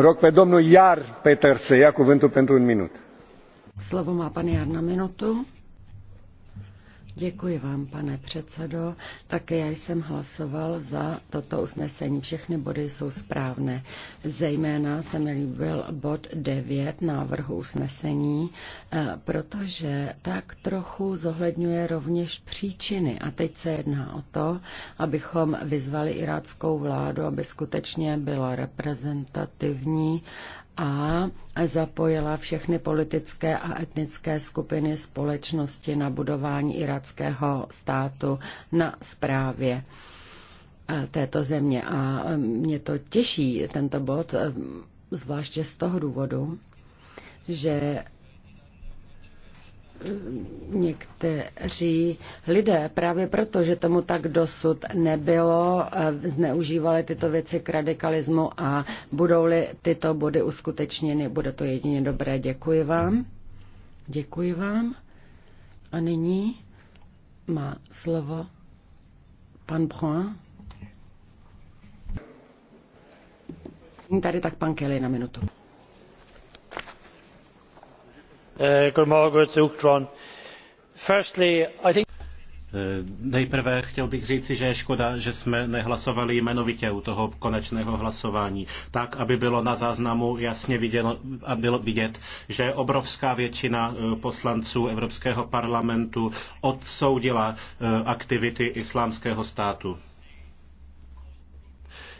rog pe domnul Jar Peter să ia cuvântul pentru un minut. Slovo má pan Děkuji vám, pane předsedo. Také já jsem hlasoval za toto usnesení. Všechny body jsou správné. Zejména se mi líbil bod 9 návrhu usnesení, eh, protože tak trochu zohledňuje rovněž příčiny. A teď se jedná o to, abychom vyzvali iráckou vládu, aby skutečně byla reprezentativní a zapojila všechny politické a etnické skupiny společnosti na budování Iráku demokratického státu na zprávě eh, této země. A eh, mě to těší, tento bod, eh, zvláště z toho důvodu, že někteří lidé právě proto, že tomu tak dosud nebylo, zneužívali tyto věci k radikalismu a budou-li tyto body uskutečněny, bude to jedině dobré. Děkuji vám. Děkuji vám. A nyní má slovo pan Brun. Tady tak pan Kelly na minutu. Eh, Firstly, I think... Nejprve chtěl bych říci, že je škoda, že jsme nehlasovali jmenovitě u toho konečného hlasování, tak, aby bylo na záznamu jasně viděno, a bylo vidět, že obrovská většina eh, poslanců Evropského parlamentu odsoudila eh, aktivity islámského státu.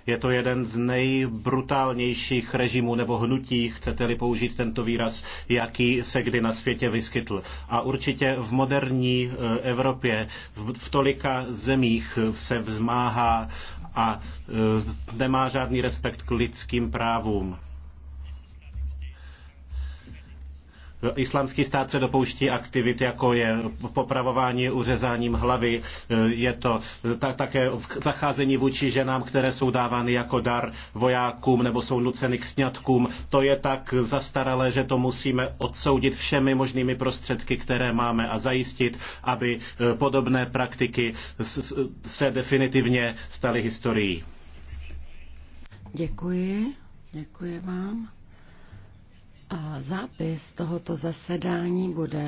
Je to jeden z nejbrutálnějších režimů nebo hnutí, chcete-li použít tento výraz, jaký se kdy na světě vyskytl. A určitě v moderní eh, Evropě v tolika zemích se vzmáhá a eh, nemá žádný respekt k lidským právům. Islámský stát se dopouští aktivit, jako je popravování uřezáním hlavy, je to také zacházení vůči ženám, které jsou dávány jako dar vojákům nebo jsou nuceny k sňatkům. To je tak zastaralé, že to musíme odsoudit všemi možnými prostředky, které máme a zajistit, aby eh, podobné praktiky se definitivně staly historií. Děkuji. Děkuji vám. A zápis tohoto zasedání bude